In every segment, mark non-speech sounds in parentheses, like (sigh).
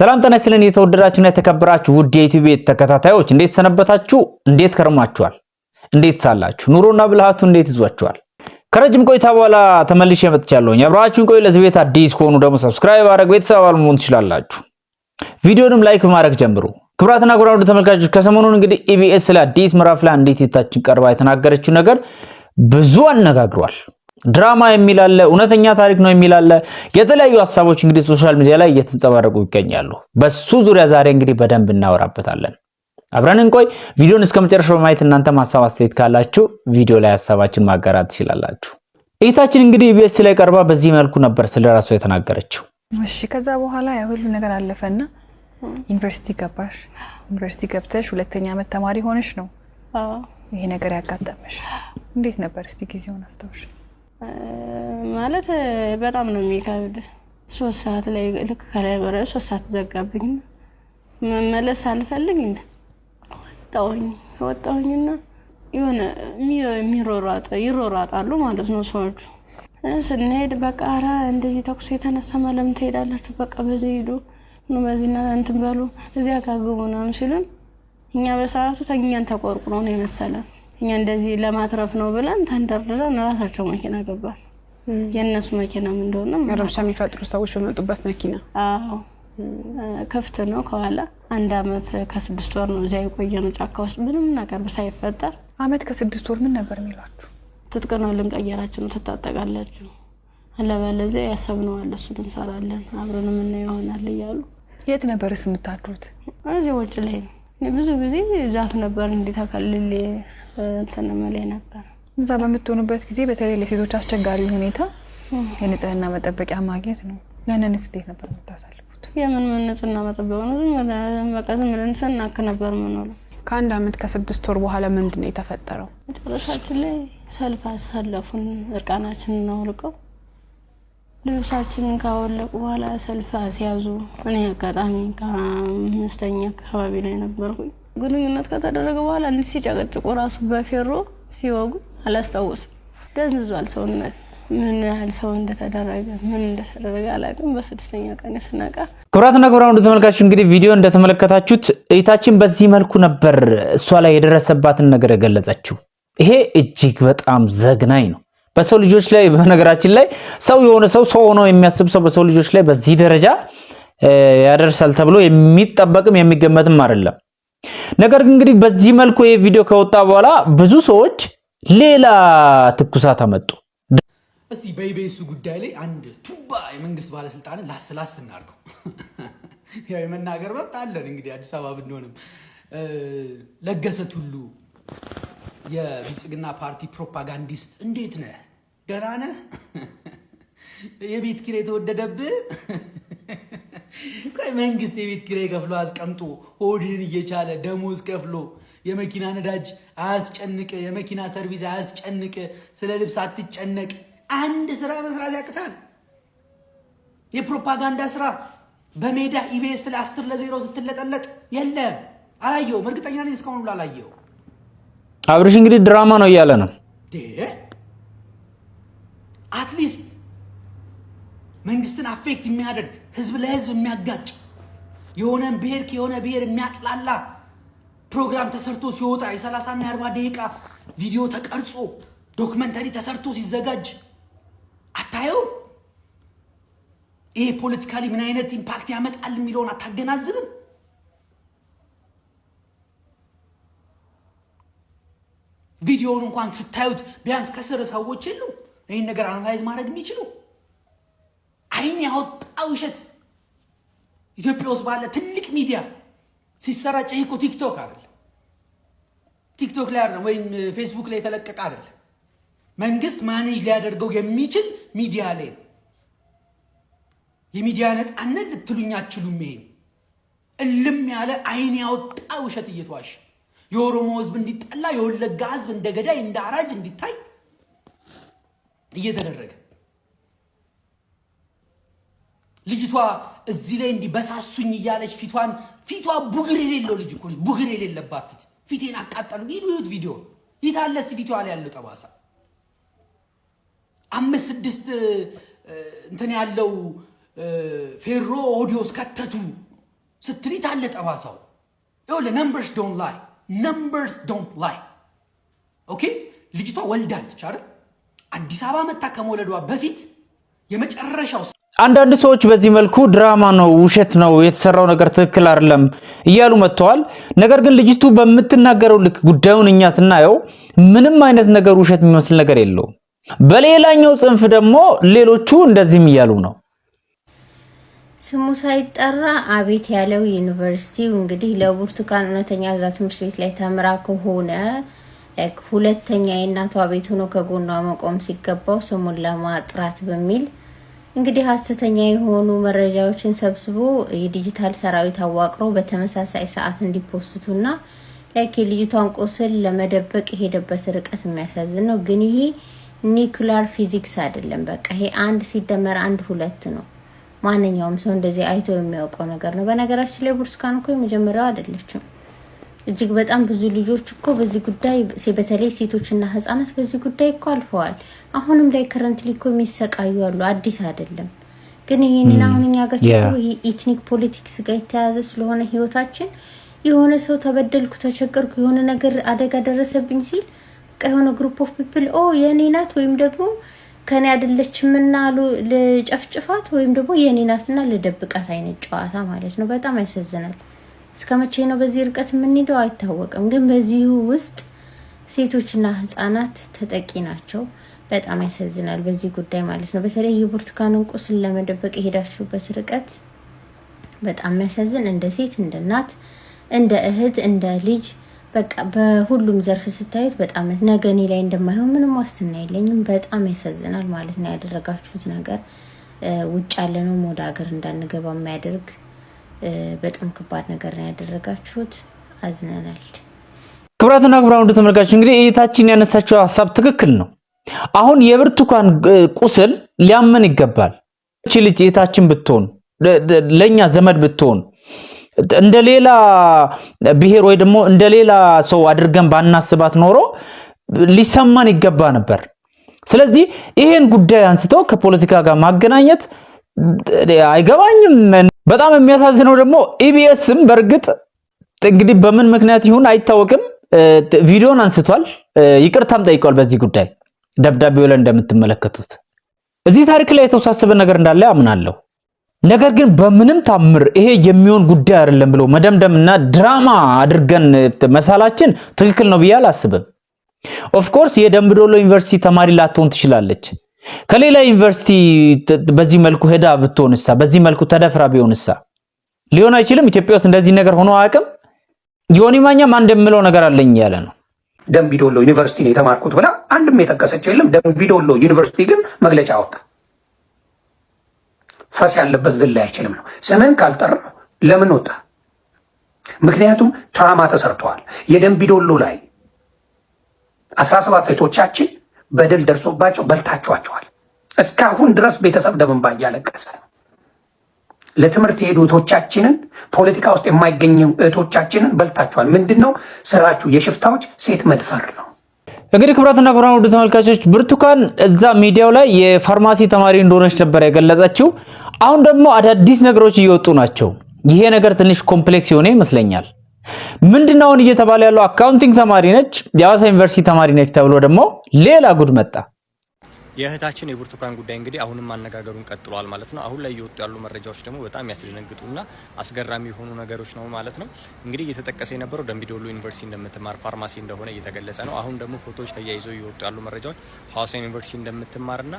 ሰላም ጤና ይስጥልን። የተወደዳችሁና የተከበራችሁ ውድ የዩቲዩብ ተከታታዮች እንዴት ሰነበታችሁ? እንዴት ከርማችኋል? እንዴት ሳላችሁ? ኑሮና ብልሃቱ እንዴት ይዟችኋል? ከረጅም ቆይታ በኋላ ተመልሼ መጥቻለሁኝ። አብራችሁን ቆይ። ለዚህ ቤት አዲስ ከሆኑ ደግሞ ሰብስክራይብ አድርግ ቤተሰብ አባል መሆን ትችላላችሁ። ቪዲዮንም ላይክ በማድረግ ጀምሩ። ክቡራትና ወደ ተመልካቾች ከሰሞኑን እንግዲህ ኢቢኤስ ስለ አዲስ ምዕራፍ ላይ እንዴት የታችን ቀርባ የተናገረችው ነገር ብዙ አነጋግሯል። ድራማ የሚል አለ፣ እውነተኛ ታሪክ ነው የሚል አለ። የተለያዩ ሀሳቦች እንግዲህ ሶሻል ሚዲያ ላይ እየተንጸባረቁ ይገኛሉ። በሱ ዙሪያ ዛሬ እንግዲህ በደንብ እናወራበታለን። አብረን እንቆይ። ቪዲዮን እስከ መጨረሻው በማየት እናንተም ሀሳብ አስተያየት ካላችሁ ቪዲዮ ላይ ሀሳባችን ማጋራት ትችላላችሁ። እይታችን እንግዲህ ኢቢኤስ ላይ ቀርባ በዚህ መልኩ ነበር ስለ ራሷ የተናገረችው። እሺ ከዛ በኋላ ያ ሁሉ ነገር አለፈና ዩኒቨርሲቲ ገባሽ። ዩኒቨርሲቲ ገብተሽ ሁለተኛ ዓመት ተማሪ ሆነሽ ነው ይሄ ነገር ያጋጠመሽ። እንዴት ነበር? እስቲ ጊዜውን አስታውሽ። ማለት በጣም ነው የሚከብድ። ሶስት ሰዓት ላይ ልክ ከላይ በረ ሶስት ሰዓት ዘጋብኝ። መመለስ አልፈልግ ወጣሁኝ ወጣሁኝና የሆነ የሚሮሯጥ ይሮሯጣሉ ማለት ነው ሰዎቹ። ስንሄድ በቃ ኧረ እንደዚህ ተኩሶ የተነሳ ማለም ትሄዳላችሁ፣ በቃ በዚህ ሂዱ በዚህና እንትን በሉ እዚያ ጋር ግቡ ምናምን ሲሉን እኛ በሰዓቱ ተኛን ተቆርቁሮ ነው የመሰለን እኛ እንደዚህ ለማትረፍ ነው ብለን ተንደርድረን ራሳቸው መኪና ገባል። የእነሱ መኪናም እንደሆነ ረብሻ የሚፈጥሩ ሰዎች በመጡበት መኪና። አዎ ክፍት ነው ከኋላ። አንድ አመት ከስድስት ወር ነው እዚያ የቆየ ነው ጫካ ውስጥ ምንም ነገር ሳይፈጠር። አመት ከስድስት ወር ምን ነበር የሚሏችሁ? ትጥቅ ነው ልንቀየራችሁ ነው ትታጠቃላችሁ፣ አለበለዚያ ያሰብነዋል፣ እሱን እንሰራለን፣ አብረን ምና ይሆናል እያሉ። የት ነበርስ ስምታድሩት እዚህ ውጭ ላይ ነው። ብዙ ጊዜ ዛፍ ነበር እንዲተከልል እንትን እምልህ ነበር። እዛ በምትሆኑበት ጊዜ በተለይ ለሴቶች አስቸጋሪ ሁኔታ የንጽህና መጠበቂያ ማግኘት ነው። ያንን ስዴት ነበር የምታሳልፉት? የምን ምን ንጽህና መጠበቅ ነው? በቃ ዝም ብለን ስናክ ነበር የምንውለው። ከአንድ አመት ከስድስት ወር በኋላ ምንድን ነው የተፈጠረው? መጨረሻችን ላይ ሰልፍ አሳለፉን። እርቃናችን እናውልቀው ልብሳችንን ካወለቁ በኋላ ሰልፍ አስያዙ። እኔ አጋጣሚ ከአምስተኛ አካባቢ ላይ ነበርኩኝ። ግንኙነት ከተደረገ በኋላ እንዲህ ሲጨቀጭቁ ራሱ በፌሮ ሲወጉ አላስታውስም። ደንዝዟል ሰውነት። ምን ያህል ሰው እንደተደረገ ምን እንደተደረገ አላውቅም። በስድስተኛ ቀን ስነቃ ክብራትና ክብራን ወደ ተመልካች እንግዲህ ቪዲዮ እንደተመለከታችሁት እይታችን በዚህ መልኩ ነበር እሷ ላይ የደረሰባትን ነገር የገለጸችው። ይሄ እጅግ በጣም ዘግናኝ ነው በሰው ልጆች ላይ። በነገራችን ላይ ሰው የሆነ ሰው ሰው ሆኖ የሚያስብ ሰው በሰው ልጆች ላይ በዚህ ደረጃ ያደርሳል ተብሎ የሚጠበቅም የሚገመትም አይደለም። ነገር ግን እንግዲህ በዚህ መልኩ ይሄ ቪዲዮ ከወጣ በኋላ ብዙ ሰዎች ሌላ ትኩሳት አመጡ። እስቲ በኢቢኤሱ ጉዳይ ላይ አንድ ቱባ የመንግስት ባለስልጣንን ላስላስ እናድርገው። (laughs) ያው የመናገር መብት አለን እንግዲህ አዲስ አበባ ብንሆንም። ለገሰ ቱሉ የብልጽግና ፓርቲ ፕሮፓጋንዲስት፣ እንዴት ነህ? ደህና ነህ? (laughs) የቤት ኪራይ የተወደደብህ መንግስት የቤት ኪራይ ከፍሎ አስቀምጦ ሆድህን እየቻለ ደሞዝ ከፍሎ የመኪና ነዳጅ አያስጨንቅ፣ የመኪና ሰርቪስ አያስጨንቅ፣ ስለ ልብስ አትጨነቅ። አንድ ስራ መስራት ያቅታል። የፕሮፓጋንዳ ስራ በሜዳ ኢቢኤስ ለአስር ለዜሮ ስትለጠለጥ የለም። አላየሁም። እርግጠኛ ነኝ እስካሁን ብሎ አላየሁም። አብርሽ እንግዲህ ድራማ ነው እያለ ነው አትሊስት መንግስትን አፌክት የሚያደርግ ህዝብ ለህዝብ የሚያጋጭ የሆነ ብሔር ከሆነ ብሔር የሚያጥላላ ፕሮግራም ተሰርቶ ሲወጣ የ 30 40 ደቂቃ ቪዲዮ ተቀርጾ ዶክመንተሪ ተሰርቶ ሲዘጋጅ አታየው? ይሄ ፖለቲካሊ ምን አይነት ኢምፓክት ያመጣል የሚለውን አታገናዝብም? ቪዲዮውን እንኳን ስታዩት ቢያንስ ከስር ሰዎች የሉ ይህን ነገር አናላይዝ ማድረግ የሚችሉ አይን ያወጣ ውሸት ኢትዮጵያ ውስጥ ባለ ትልቅ ሚዲያ ሲሰራጭ ይህ እኮ ቲክቶክ አይደል፣ ቲክቶክ ላይ አይደለም፣ ወይም ፌስቡክ ላይ የተለቀቀ አይደለም። መንግስት ማኔጅ ሊያደርገው የሚችል ሚዲያ ላይ ነው። የሚዲያ ነፃነት ልትሉኝ አትችሉም። ይሄ እልም ያለ አይን ያወጣ ውሸት እየተዋሸ የኦሮሞ ህዝብ እንዲጠላ፣ የወለጋ ህዝብ እንደ ገዳይ እንደ አራጅ እንዲታይ እየተደረገ ልጅቷ እዚህ ላይ እንዲህ በሳሱኝ እያለች ፊቷን ፊቷ ቡግር የሌለው ልጅ እኮ ቡግር የሌለባት ፊት ፊቴን አቃጠሉ። ይዩት ቪዲዮ ይታለስ ፊቷ ላይ ያለው ጠባሳ አምስት ስድስት እንትን ያለው ፌሮ ኦዲዮስ ከተቱ ስትል ይታለ ጠባሳው። ይኸውልህ ነምበርስ ዶንት ላይ ነምበርስ ዶንት ላይ ኦኬ። ልጅቷ ወልዳለች አይደል? አዲስ አበባ መታ ከመውለዷ በፊት የመጨረሻው አንዳንድ ሰዎች በዚህ መልኩ ድራማ ነው፣ ውሸት ነው፣ የተሰራው ነገር ትክክል አይደለም እያሉ መጥተዋል። ነገር ግን ልጅቱ በምትናገረው ልክ ጉዳዩን እኛ ስናየው ምንም አይነት ነገር ውሸት የሚመስል ነገር የለውም። በሌላኛው ጽንፍ ደግሞ ሌሎቹ እንደዚህም እያሉ ነው። ስሙ ሳይጠራ አቤት ያለው ዩኒቨርሲቲው እንግዲህ ለብርቱካን እውነተኛ እዛ ትምህርት ቤት ላይ ተምራ ከሆነ ሁለተኛ የእናቷ ቤት ሆኖ ከጎኗ መቆም ሲገባው ስሙን ለማጥራት በሚል እንግዲህ ሀሰተኛ የሆኑ መረጃዎችን ሰብስቦ የዲጂታል ሰራዊት አዋቅሮ በተመሳሳይ ሰዓት እንዲፖስቱና ላይክ የልጅቷን ቁስል ለመደበቅ የሄደበት ርቀት የሚያሳዝን ነው። ግን ይሄ ኒኩላር ፊዚክስ አይደለም። በቃ ይሄ አንድ ሲደመር አንድ ሁለት ነው። ማንኛውም ሰው እንደዚህ አይቶ የሚያውቀው ነገር ነው። በነገራችን ላይ ብርቱካን እኮ የመጀመሪያው አይደለችም። እጅግ በጣም ብዙ ልጆች እኮ በዚህ ጉዳይ በተለይ ሴቶችና ህጻናት በዚህ ጉዳይ እኮ አልፈዋል። አሁንም ላይ ከረንትሊ እኮ የሚሰቃዩ ያሉ አዲስ አይደለም። ግን ይህንን አሁን እኛ ጋር ችግሩ ኢትኒክ ፖለቲክስ ጋር የተያያዘ ስለሆነ ህይወታችን የሆነ ሰው ተበደልኩ፣ ተቸገርኩ፣ የሆነ ነገር አደጋ ደረሰብኝ ሲል በቃ የሆነ ግሩፕ ኦፍ ፒፕል ኦ የእኔ ናት ወይም ደግሞ ከኔ አይደለችምና ልጨፍጭፋት ወይም ደግሞ የእኔ ናትና ልደብቃት አይነት ጨዋታ ማለት ነው። በጣም ያሳዝናል። እስከ መቼ ነው በዚህ ርቀት የምንሄደው? አይታወቅም። ግን በዚሁ ውስጥ ሴቶችና ህጻናት ተጠቂ ናቸው። በጣም ያሳዝናል፣ በዚህ ጉዳይ ማለት ነው። በተለይ የብርቱካንን ቁስል ለመደበቅ የሄዳችሁበት ርቀት በጣም የሚያሳዝን እንደ ሴት እንደ እናት እንደ እህት እንደ ልጅ በቃ በሁሉም ዘርፍ ስታዩት በጣም ነገ እኔ ላይ እንደማይሆን ምንም ዋስትና የለኝም። በጣም ያሳዝናል ማለት ነው ያደረጋችሁት ነገር ውጭ ያለነው ወደ ሀገር እንዳንገባ የሚያደርግ በጣም ከባድ ነገር ነው ያደረጋችሁት። አዝነናል። ክብራትና ክብራ ወንዱ ተመልካች እንግዲህ እይታችን ያነሳችው ሀሳብ ትክክል ነው። አሁን የብርቱካን ቁስል ሊያመን ይገባል። እቺ ልጅ እይታችን ብትሆን ለእኛ ዘመድ ብትሆን እንደ ሌላ ብሔር ወይ ደግሞ እንደ ሌላ ሰው አድርገን ባናስባት ኖሮ ሊሰማን ይገባ ነበር። ስለዚህ ይሄን ጉዳይ አንስተው ከፖለቲካ ጋር ማገናኘት አይገባኝም። በጣም የሚያሳዝነው ደግሞ ኢቢኤስም በእርግጥ እንግዲህ በምን ምክንያት ይሁን አይታወቅም ቪዲዮን አንስቷል፣ ይቅርታም ጠይቋል በዚህ ጉዳይ ደብዳቤው ላይ እንደምትመለከቱት። እዚህ ታሪክ ላይ የተወሳሰበ ነገር እንዳለ አምናለሁ። ነገር ግን በምንም ታምር ይሄ የሚሆን ጉዳይ አይደለም ብሎ እና ድራማ አድርገን መሳላችን ትክክል ነው ብዬ አላስብም። ኦፍኮርስ የደምቢዶሎ ዩኒቨርሲቲ ተማሪ ላትሆን ትችላለች። ከሌላ ዩኒቨርሲቲ በዚህ መልኩ ሄዳ ብትሆንሳ፣ በዚህ መልኩ ተደፍራ ቢሆንሳ ሊሆን አይችልም። ኢትዮጵያ ውስጥ እንደዚህ ነገር ሆኖ አያውቅም። ዮኒ ማኛ ማን እንደምለው ነገር አለኝ ያለ ነው። ደምቢዶሎ ዩኒቨርሲቲ ነው የተማርኩት ብላ አንድም የጠቀሰችው የለም። ደምቢዶሎ ዩኒቨርሲቲ ግን መግለጫ አወጣ። ፈስ ያለበት ዝላ አይችልም ነው። ስምህን ካልጠራ ለምን ወጣ? ምክንያቱም ትራማ ተሰርተዋል። የደምቢዶሎ ላይ አስራ ሰባት እህቶቻችን በደል ደርሶባቸው በልታችኋቸዋል። እስካሁን ድረስ ቤተሰብ ደምንባ እያለቀሰ ለትምህርት የሄዱ እህቶቻችንን ፖለቲካ ውስጥ የማይገኙ እህቶቻችንን በልታችኋል። ምንድን ነው ስራችሁ? የሽፍታዎች ሴት መድፈር ነው። እንግዲህ ክቡራትና ክቡራን ውድ ተመልካቾች ብርቱካን እዛ ሚዲያው ላይ የፋርማሲ ተማሪ እንደሆነች ነበር የገለጸችው። አሁን ደግሞ አዳዲስ ነገሮች እየወጡ ናቸው። ይሄ ነገር ትንሽ ኮምፕሌክስ የሆነ ይመስለኛል። ምንድን ነው አሁን እየተባለ ያለው? አካውንቲንግ ተማሪ ነች፣ የአዋሳ ዩኒቨርሲቲ ተማሪ ነች ተብሎ ደግሞ ሌላ ጉድ መጣ። የእህታችን የብርቱካን ጉዳይ እንግዲህ አሁንም ማነጋገሩን ቀጥሏል ማለት ነው። አሁን ላይ እየወጡ ያሉ መረጃዎች ደግሞ በጣም ያስደነግጡና አስገራሚ የሆኑ ነገሮች ነው ማለት ነው። እንግዲህ እየተጠቀሰ የነበረው ደምቢዶሎ ዩኒቨርሲቲ እንደምትማር ፋርማሲ እንደሆነ እየተገለጸ ነው። አሁን ደግሞ ፎቶዎች ተያይዘው እየወጡ ያሉ መረጃዎች ሐዋሳ ዩኒቨርሲቲ እንደምትማርና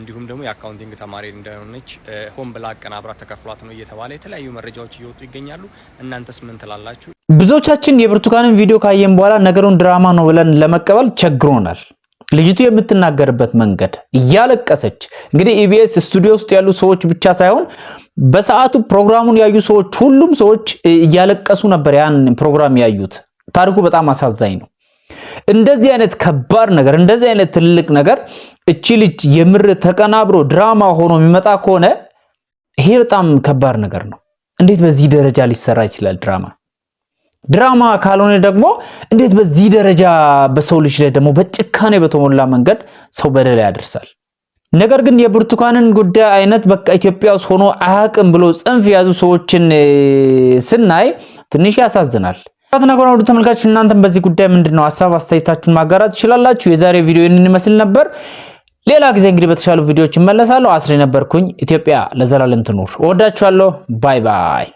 እንዲሁም ደግሞ የአካውንቲንግ ተማሪ እንደሆነች ሆን ብላ አቀናብራ ተከፍሏት ነው እየተባለ የተለያዩ መረጃዎች እየወጡ ይገኛሉ። እናንተስ ምን ትላላችሁ? ብዙዎቻችን የብርቱካንን ቪዲዮ ካየን በኋላ ነገሩን ድራማ ነው ብለን ለመቀበል ቸግሮናል። ልጅቱ የምትናገርበት መንገድ እያለቀሰች እንግዲህ ኢቢኤስ ስቱዲዮ ውስጥ ያሉ ሰዎች ብቻ ሳይሆን በሰዓቱ ፕሮግራሙን ያዩ ሰዎች ሁሉም ሰዎች እያለቀሱ ነበር ያን ፕሮግራም ያዩት። ታሪኩ በጣም አሳዛኝ ነው። እንደዚህ አይነት ከባድ ነገር እንደዚህ አይነት ትልቅ ነገር እቺ ልጅ የምር ተቀናብሮ ድራማ ሆኖ የሚመጣ ከሆነ ይሄ በጣም ከባድ ነገር ነው። እንዴት በዚህ ደረጃ ሊሰራ ይችላል ድራማ? ድራማ ካልሆነ ደግሞ እንዴት በዚህ ደረጃ በሰው ልጅ ላይ ደግሞ በጭካኔ በተሞላ መንገድ ሰው በደል ያደርሳል? ነገር ግን የብርቱካንን ጉዳይ አይነት በቃ ኢትዮጵያ ውስጥ ሆኖ አያውቅም ብሎ ጽንፍ የያዙ ሰዎችን ስናይ ትንሽ ያሳዝናል። ነገር ወደ ተመልካች እናንተም በዚህ ጉዳይ ምንድን ነው ሀሳብ አስተያየታችሁን ማጋራት ትችላላችሁ። የዛሬ ቪዲዮ ይህንን ይመስል ነበር። ሌላ ጊዜ እንግዲህ በተሻሉ ቪዲዮዎች እመለሳለሁ። አስሬ ነበርኩኝ። ኢትዮጵያ ለዘላለም ትኑር። እወዳችኋለሁ። ባይ ባይ